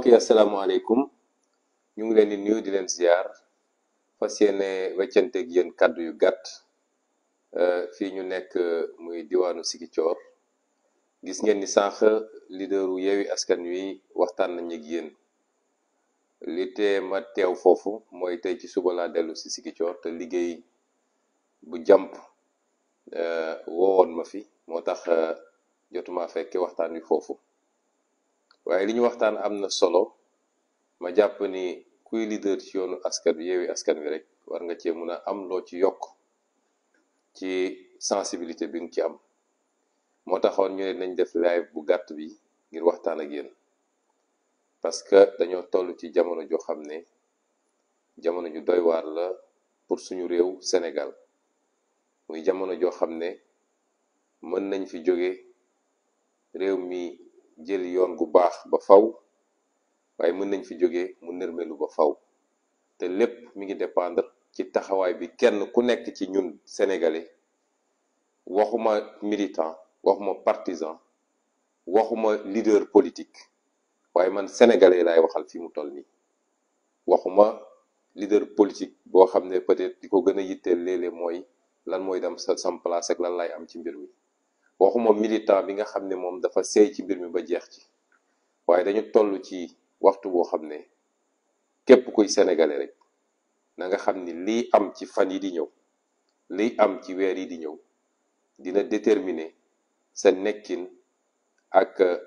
mbokk yi asalaamaaleykum ñu ngi leen di nuyu di leen ziar fas yéene weccanteeg yéen kàddu yu gàtt euh, fii ñu nekk muy diwaanu Sigicoor gis ngeen ni sànq leaderu Yewwi Askan Wi waxtaan nañu ak yéen li tee ma teew foofu mooy tey ci suba laa dellu si Sigicoor te liggéey bu jàmp euh, woowoon ma fi moo tax euh, jotuma fekke waxtaan wi foofu waaye li ñu waxtaan am na solo ma jàpp ni kuy leader ci yoonu askan wi yeewi askan wi rek war nga cee mun a am loo ci yokk ci sensibilité bi nga ci am moo taxoon ñu ne nañ def live bu gàtt bi ngir waxtaan a yéen parce que dañoo toll ci jamono joo xam ne jamono ju doy waar la pour suñu réew Sénégal muy jamono joo xam ne mën nañ fi jóge réew mii jël yoon gu baax ba faw waaye mën nañ fi jógee mu nërmelu ba faw te lépp mi ngi dépendre ci taxawaay bi kenn ku nekk ci ñun sénégalais waxuma militant waxuma partisan waxuma leader politique waaye man sénégalais laay waxal fi mu toll nii waxuma leader politique boo xam ne peut-être di ko gën a yitteel léeg-léeg mooy lan mooy dem sa sam place ak lan laay am ci mbir mi moom militan bi nga xam ne moom dafa seey ci mbir mi ba jeex ci waaye dañu toll ci waxtu boo xam ne képp kuy sénégalais rek na nga xam ni lii am ci fan yi di ñëw lii am ci weer yi di ñëw dina déterminer sa nekkin ak euh,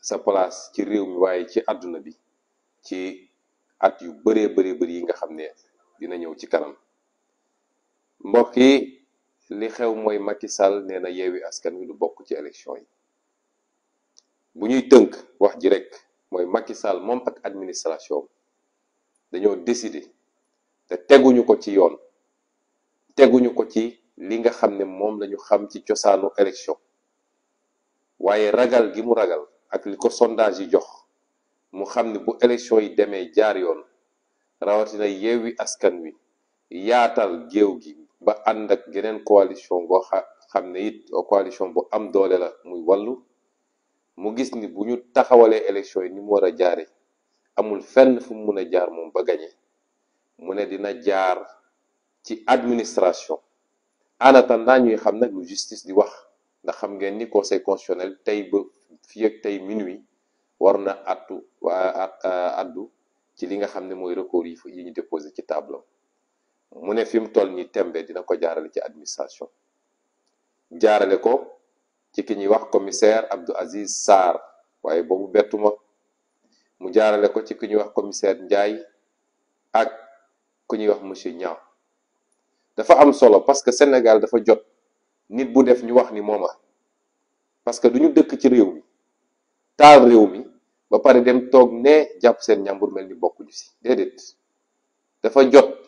sa place ci réew mi waaye ci àdduna bi ci at yu bëree bëri bëri yi nga xam ne dina ñëw ci kanam mbokk li xew mooy Macky Sall nee na yeewi askan wi du bokk ci élection yi bu ñuy tënk wax ji rek mooy Macky Sall moom ak administration dañoo décider te teguñu ko ci yoon teguñu ko ci li nga xam ne moom lañu xam ci cosaanu élection waaye ragal gi mu ragal ak li ko sondage yi jox mu xam ne bu élection yi demee jaar yoon rawatina yeewi askan wi yaatal géew gi ba ànd ak geneen coalition boo xam ne it euh, coalition bu am doole la muy wallu mu gis ni bu ñu taxawalee élection yi ni mu war a jaare amul fenn fu mu mun a jaar moom ba gañe mu ne dina jaar ci administration en naa ñuy xam nag lu justice di wax ndax xam ngeen ni conseil constitutionnel tey ba fii ak tey minuit war na attu addu ci li nga xam ne mooy recours yi yi ñu déposé ci tableau mu ne fi mu toll nii tembe dina ko jaarale ci administration jaarale ko ci ki ñuy wax commissaire Abdou Aziz Sarr waaye boobu bettuma mu jaarale ko ci ki ñuy wax commissaire Ndiaye ak ku ñuy wax monsieur Niang dafa am solo parce que Sénégal dafa jot nit bu def ñu wax ni mooma parce que du ñu dëkk ci réew mi taal réew mi ba pare dem toog ne jàpp seen ñàmbur mel ni bokkuñu si déedéet dafa jot.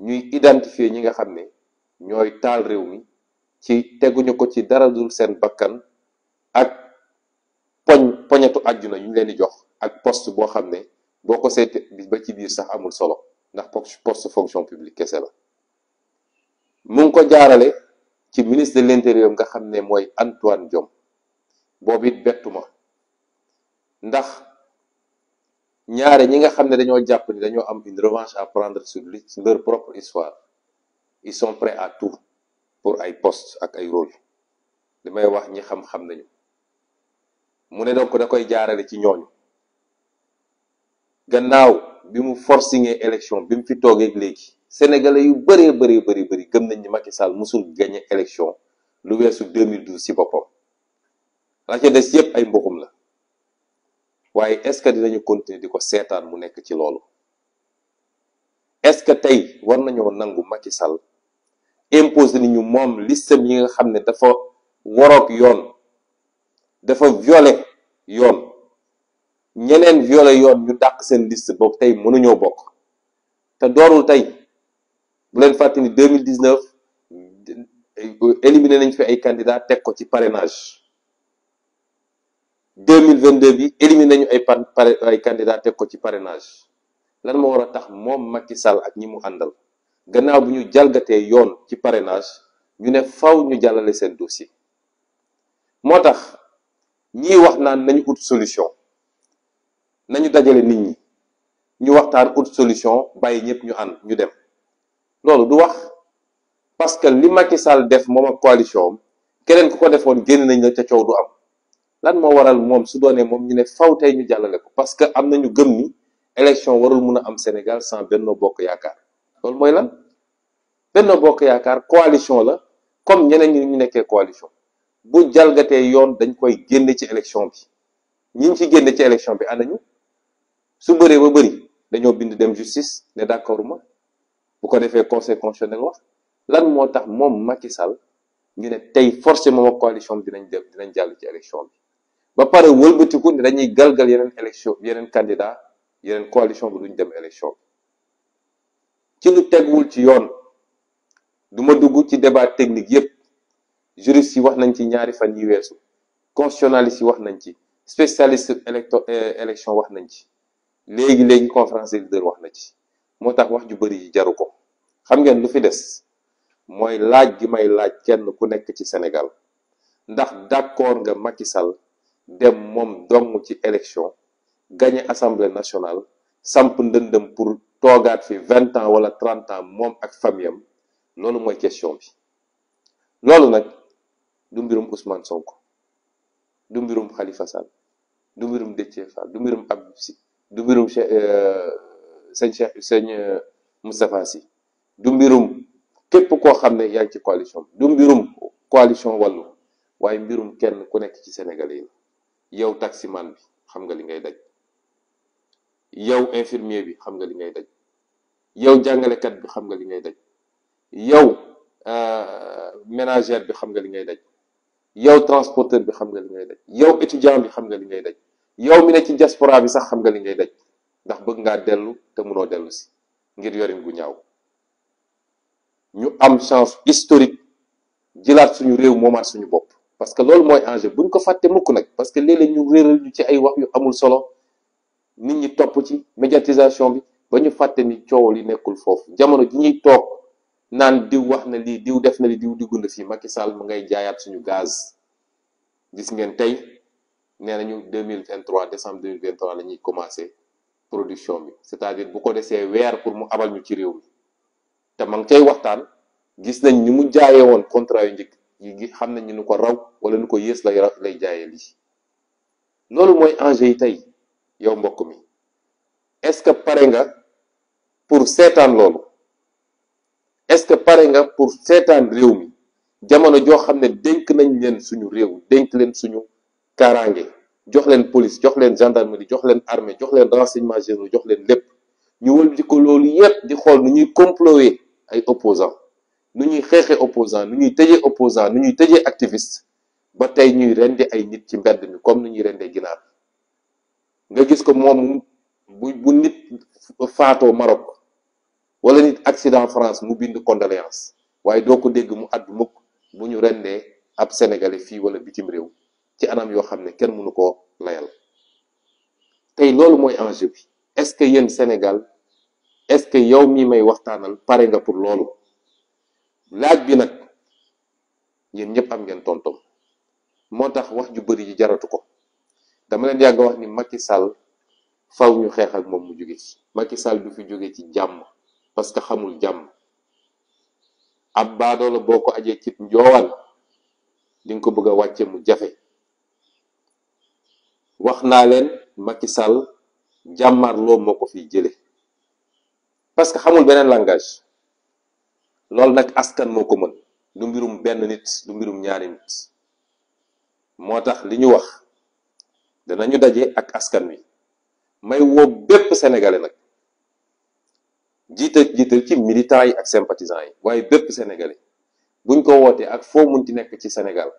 ñuy identifier ñi nga xam ne ñooy taal réew mi ci teguñu ko ci dara dul seen bakkan ak poñ poñetu àjjuna na ñu leen di jox ak post boo xam ne boo ko seete ba ci biir sax amul solo ndax post post fonction publique kese la mu ngi ko jaarale ci ministre de l'intérieur nga xam ne mooy Antoine Diome boobu it bettuma ndax ñaare ñi nga xam ne dañoo jàpp ni dañoo am une revanche à prendre sur leur propre histoire ils sont prêts à tout pour ay post ak ay rôles li may wax ñi xam-xam nañu mu ne donc da koy jaarale ci ñooñu gannaaw bi mu forcingé élection bi mu fi toogeeg léegi sénégalais yu bëree bëree bëri bëri gëm nañ ni Macky Sall musul gagné élection lu weesu 2012 ci boppam la ca des yépp ay mboxum la waaye est-ce que dinañu continuer di ko seetaan mu nekk ci loolu est-ce que tey war nañoo nangu Macky Sall imposé ni ñu moom listam yi nga xam ne dafa waroog yoon dafa violé yoon ñeneen violé yoon ñu dàq seen liste boobu tey mënuñoo bokk te doorul tey bu leen fàttali ni 2019 éliminé nañ fi ay candidats teg ko ci parrainage deux mille vingt deux bi éliminé nañu ay par ay candidats teg ko ci parrainage lan moo war a tax moom Macky Sall ak ñi mu àndal gannaaw bu ñu jalgatee yoon ci parrainage ñu ne faw ñu jàllale seen dossier moo tax ñi wax naan nañu ut solution nañu dajale nit ñi ñu waxtaan ut solution bàyyi ñëpp ñu ànd ñu dem loolu du wax parce que li Macky Sall def moom ak coalition keneen ku ko defoon génn nañ la ca coow du am. lan moo waral moom su doonee moom ñu ne faw tey ñu jàllale ko parce que am na ñu gëm ni élection warul mun a am Sénégal sans Benno Bokk Yaakaar loolu mooy lan Benno Bokk Yaakaar coalition la comme ñeneen ñi ñu nekkee coalition bu jalgatee yoon dañ koy génne ci élection bi ñi ci génne ci élection bi ànd nañu su bëree ba bëri dañoo bind dem justice ne d'accord ma bu ko defee conseil constitutionnel wax lan moo tax moom Macky Sall ñu ne tey forcément coalition bi dinañ def dinañ jàll ci élection bi. ba pare wëlbatiku ne dañuy galgal yeneen élection yeneen candidat yeneen coalition bi duñ dem élection ci lu tegwul ci yoon duma dugg ci débat technique yépp juriste yi wax nañ ci ñaari fan yi weesu constitutionnaliste yi wax nañ ci spécialiste électo euh, élection wax nañ ci léegi léegi conférence des leaders wax na ci moo tax wax ju bëri yi jaru ko xam ngeen lu fi des mooy laaj gi may laaj kenn ku nekk ci Sénégal ndax d'accord nga Macky Sall dem moom dong ci élection gagné assemblée nationale samp ndëndëm pour toogaat fi vingt ans wala trente ans moom ak famiyam loolu mooy question bi loolu nag du mbirum Ousmane Sonko du mbirum Khalifa Sall du mbirum Déthié Fall du mbirum ab si du mbirum euh, sëñ Cheikh sëñ euh, Moustapha si du mbirum képp koo xam ne yaa ci coalition du mbirum coalition wàllu waaye mbirum kenn ku nekk ci Sénégalais yi yow taximan bi xam nga li ngay daj yow infirmier bi xam nga li ngay daj yow jàngalekat bi xam nga li ngay daj yow euh, ménagère bi xam nga li ngay daj yow transporteur bi xam nga li ngay daj yow étudiant bi xam nga li ngay daj yow mi ne ci diaspora bi sax xam nga li ngay daj ndax bëgg ngaa dellu te munoo dellu si ngir yorin gu ñaaw ñu am chance historique jëlaat suñu réew moomaat suñu bopp parce que loolu mooy enjeu buñ ko fàtte mukk nag parce que léeg-léeg ñu réeral ñu ci ay wax yu amul solo nit ñi topp ci médiatisation bi ba ñu fàtte ni coow li nekkul foofu jamono ji ñuy toog naan diw wax na lii diw def na li diw diggu na fii Macky Sall mu ngay jaayaat suñu gaz gis ngeen tey nee nañu deux mille vingt trois décembre deux la ñuy commencé production bi c'est-à-dire bu ko desee weer pour mu abal ñu ci réew mi te ma ngi cay waxtaan gis nañ ni mu jaayee woon contrat yu njëkk yi xam nañ ñu ko raw wala nu ko yées lay lay jaayee lii loolu mooy enjeu yi tey yow mbokk mi est-ce que pare nga pour seetaan loolu est-ce que pare nga pour seetaan réew mi jamono joo xam ne dénk nañ leen suñu réew dénk leen suñu kaaraange jox leen police jox leen gendarmerie jox leen armée jox leen renseignement généraux jox leen lépp ñu wëlbati ko loolu yépp di xool nu ñuy comploter ay opposants ni ñuy xeexee opposant ni ñuy tëjee opposant ni ñuy tëjee activiste ba tey ñuy rendi ay nit ci mbedd mi comme ni ñuy rendee ginaar nga gis ko moom bu bu nit faatoo Maroc wala nit accident France mu bind condoléance waaye doo ko dégg mu àddu mukk bu ñu rendee ab sénégalais fii wala bitim réew ci anam yoo xam ne kenn mënu ko layal tey loolu mooy enjeu bi est-ce que yéen Sénégal est-ce que yow mi may waxtaanal pare nga pour loolu laaj bi nag yéen ñëpp am ngeen tontom moo tax wax ju bëri ji jaratu ko dama leen yàgg wax ni Macky Sall faw ñu xeex ak moom mu jóge ci Macky Sall du fi jóge ci jàmm parce que xamul jàmm ab baadoola boo ko ajee cib njoowaan di ko bëgg a wàcce mu jafe wax naa leen Macky Sall jàmmarloo moo ko fi jële parce que xamul beneen langage loolu nag askan moo ko mën du mbirum benn nit du mbirum ñaari nit moo tax li ñu wax dana ñu daje ak askan wi may woo bépp sénégalais nag jiital jiital ci militants yi ak sympathisants yi waaye bépp sénégalais buñ ko wootee ak foo ci nekk ci Sénégal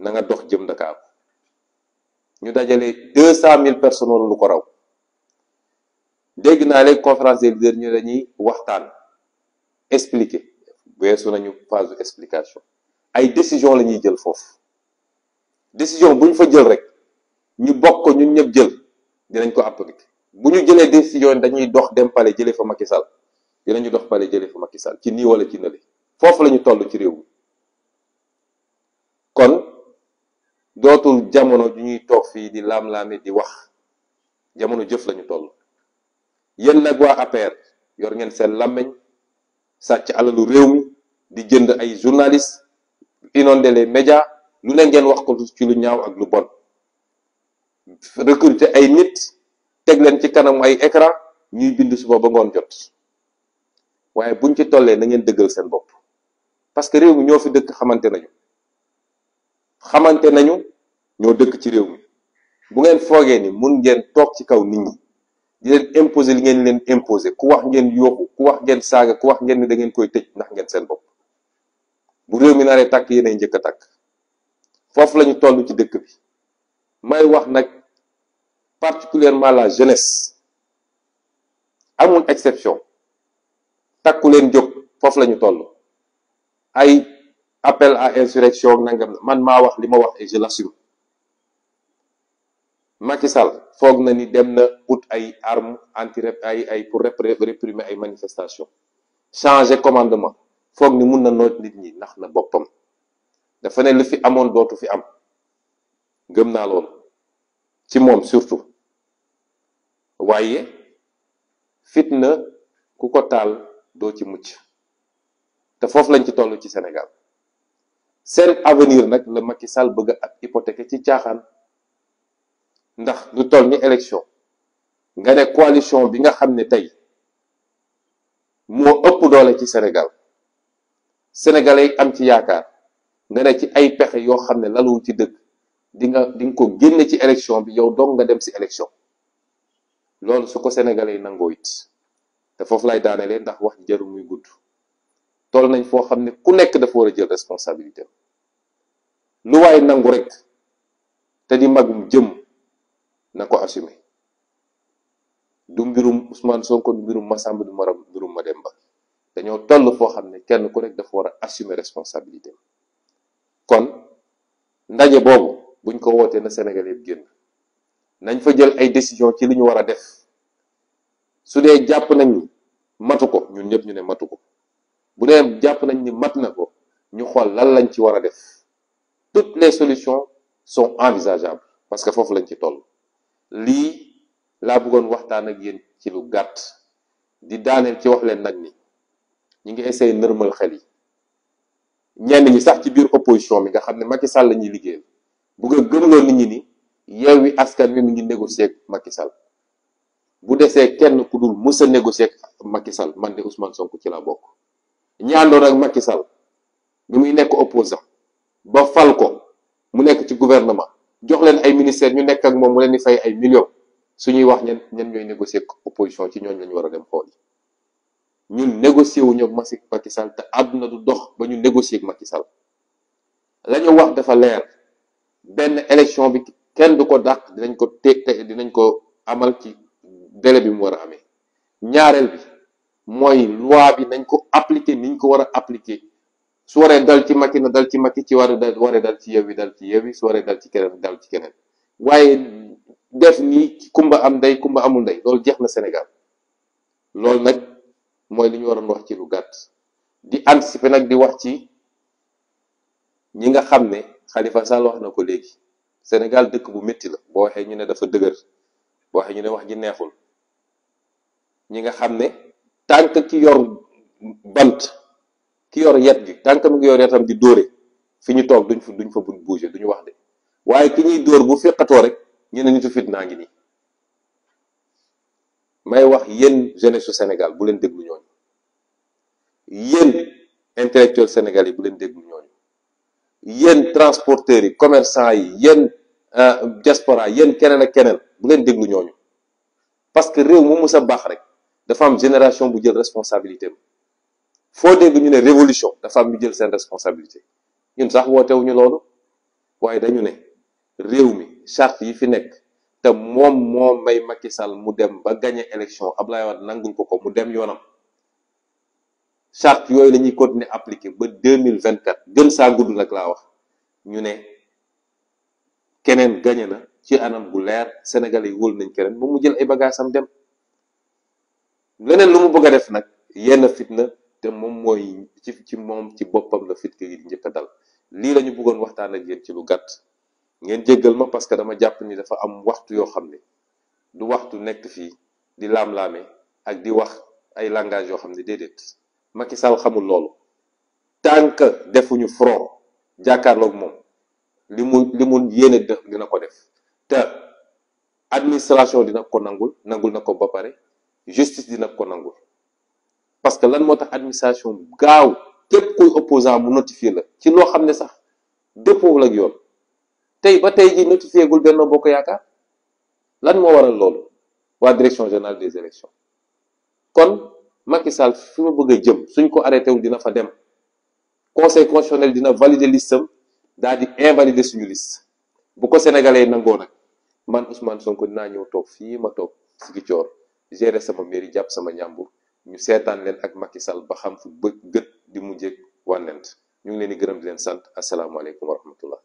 na nga dox jëm Dakar ñu dajale deux cent mille personnes lu ko raw dégg naa léegi conférence des leaders ñu dañuy waxtaan. expliquer weesu nañu phase explication ay décision lañuy jël foofu décision bu ñu fa jël rek ñu bokk ko ñun ñëpp jël dinañ ko appliquer bu ñu jëlee décision dañuy dox dem pale jëlee fa Macky Sall dinañu dox pale jëlee fa Macky Sall ci nii wala ci nële foofu lañu ñu toll ci réew mi kon dootul jamono ju ñuy toog fii di laam-laame di wax jamono jëf lañu toll yéen nag waa APR yor ngeen seen làmmeñ sàcc alalu réew mi di jënd ay journalistes inondé les médias lu ne ngeen wax ko ci lu ñaaw ak lu bon recruter ay nit teg leen ci kanamu ay écran ñuy bind suba ba ngoon jot waaye buñ ci tollee na ngeen dëggal seen bopp parce que réew mi ñoo fi dëkk xamante nañu xamante nañu ñoo dëkk ci réew mi bu ngeen foogee ni mun ngeen toog ci kaw nit ñi di leen li ngeen leen imposer ku wax ngeen yooxu ku wax ngeen saaga ku wax ngeen ni da ngeen koy tëj ndax ngeen seen bopp bu réew mi naree tàkk yéenay njëkk a tàkk foofu lañu toll ci dëkk bi may wax nag particulièrement la jeunesse amul exception takku leen jóg foofu lañu ñu toll ay appel à insurrection nangam man maa wax li ma wax et je Macky foog na ni dem na ut ay armes anti ay ay pour réprimer ay manifestations changer commandement foog ni mun na noot nit ñi ndax na boppam dafa ne lu fi amoon dootu fi am gëm naa loolu ci moom surtout waaye fitna ku ko taal doo ci mucc te foofu lañ ci toll ci senegal seen avenir nag la Macky Sall bëgg ak hypothéquer ci caaxaan. ndax lu toll ni élection nga ne coalition bi nga xam ne tey moo ëpp doole ci Sénégal sénégalais yi am ci yaakaar nga ne ci ay pexe yoo xam ne laluwul ci dëkk dinga nga ko génne ci élection bi yow dong nga dem si élection loolu su ko sénégalais yi nangoo it te foofu lay daanelee ndax wax jëru muy gudd toll nañ foo xam ne ku nekk dafa war a jël responsabilité lu waaye nangu rek te di magum jëm na ko assumer du mbirum Ousmane Sonko du mbirum Massamba du maram mbirum Mademba dañoo toll foo xam ne kenn ku nekk dafa war a assumer responsabilité kon ndaje boobu buñ ko wootee na Sénégal yëpp génn nañ fa jël ay décision ci li ñu war a def su dee jàpp nañ ni matu ko ñun ñëpp ñu ne matu ko bu dee jàpp nañ ni mat na ko ñu xool lan lañ ci war a def toutes les solutions sont envisageables parce que foofu lañ ci toll lii laa bëggoon waxtaan ak yéen ci lu gàtt di daaneel ci wax leen nag ni ñu ngi essayé nërmal xel yi ñenn ñi sax ci biir opposition bi nga xam ne Macky Sall la ñuy liggéeyal bëgg a gëmloo nit ñi ni Yewwi Askan Wi mu ngi négocier ak Macky Sall bu desee kenn ku dul mës a négocier ak man de Ousmane Sonko ci la bokk ñi àndoon ak Macky Sall bi muy nekk opposant ba fal ko mu nekk ci gouvernement jox leen ay ministère ñu nekk ak moom mu leen di fay ay su ñuy wax ñen ñen ñooy négocier opposition ci ñooñu la ñu war a dem xool ñun négocier wu ñoom Macky Sall te àdduna du dox ba ñu négocier ak Macky Sall la ñu wax dafa leer benn élection bi kenn du ko dàq dinañ ko te dinañ ko amal ci délai bi mu war a amee ñaareel bi mooy loi bi nañ ko appliquer niñ ko war a appliquer su waree dal ci Macky na dal ci Macky ci war a waree dal ci Yewwi dal ci Yewwi su waree dal ci keneen dal ci keneen waaye def nii kumba am ndey kumba amul ndey loolu jeex na senegal loolu nag mooy li ñu waroon wax ci lu gàtt di anticiper nag di wax ci ñi nga xam ne Khalifa Sall wax na ko léegi senegal dëkk bu métti la boo waxee ñu ne dafa dëgër boo waxee ñu ne wax ji neexul ñi nga xam ne tànk ki yor bant ki yor yet gi tant que mu ngi yor yetam di dóore fi ñu toog duñ fa duñ fa bouger duñu wax de waaye ki ñuy dóor bu feqatoo rek ñu ne nitu fitnaa ngi nii may wax yéen jeunesse su Sénégal bu leen déglu ñooñu yéen intellectuel Sénégal yi bu leen déglu ñooñu yéen transporteurs yi commerçant yi yéen euh, diaspora yéen keneen ak keneen bu leen déglu ñooñu parce que réew mu mës a baax rek dafa am génération bu jël responsabilité foo dégg ñu ne révolution dafa am ñu jël seen responsabilité ñun sax wootewuñu loolu waaye dañu ne réew mi charte yi fi nekk te moom moo may Macky Sall mu dem ba gagné élection Ablaye Wade nangul ko ko mu dem yoonam charte yooyu la ñuy continuer appliqué ba deux vingt quatre gën saa gudd nag laa wax ñu ne keneen gagné na ci anam gu leer Sénégal yi wóolu nañ keneen moom mu jël ay bagages am dem leneen lu mu bëgg a def nag yenn fitna. te moom mooy ci ci moom ci boppam la fit yi di njëkk a dal lii lañu buggoon waxtaan ak yéen ci lu gàtt ngeen jéggal ma parce que dama jàpp ni dafa am waxtu yoo xam ne du waxtu nekk fii di laam-laame ak di wax ay langage yoo xam ne déedéet Macky Sall xamul loolu tant que defuñu front jàkkaarloog moom li mu li mu yéene dina ko def te administration dina ko nangul nangul na ko ba pare justice dina ko nangul parce que lan moo tax administration gaaw képp kuy opposant mu notifié la ci loo xam ne sax dëppoo la ak yoon tey ba tey ji notifié gul Benno Bokk Yaakaar lan moo waral loolu waa direction générale des élections kon Macky Sall fi ma bëgg a jëm suñ ko arrêté wul dina fa dem conseil constitutionnel dina valider listam daal di invalider suñu liste bu ko sénégalais nangoo nag man Ousmane Sonko dinaa ñëw toog fii ma toog Ziguinchor gérer sama mairie jàpp sama ñàmbur ñu seetaan leen ak Macky Sall ba xam fu bë gët di mujjee wànnent ñu ngi leen di gërëm di leen sant asalaamaaleykum wa rahmatullah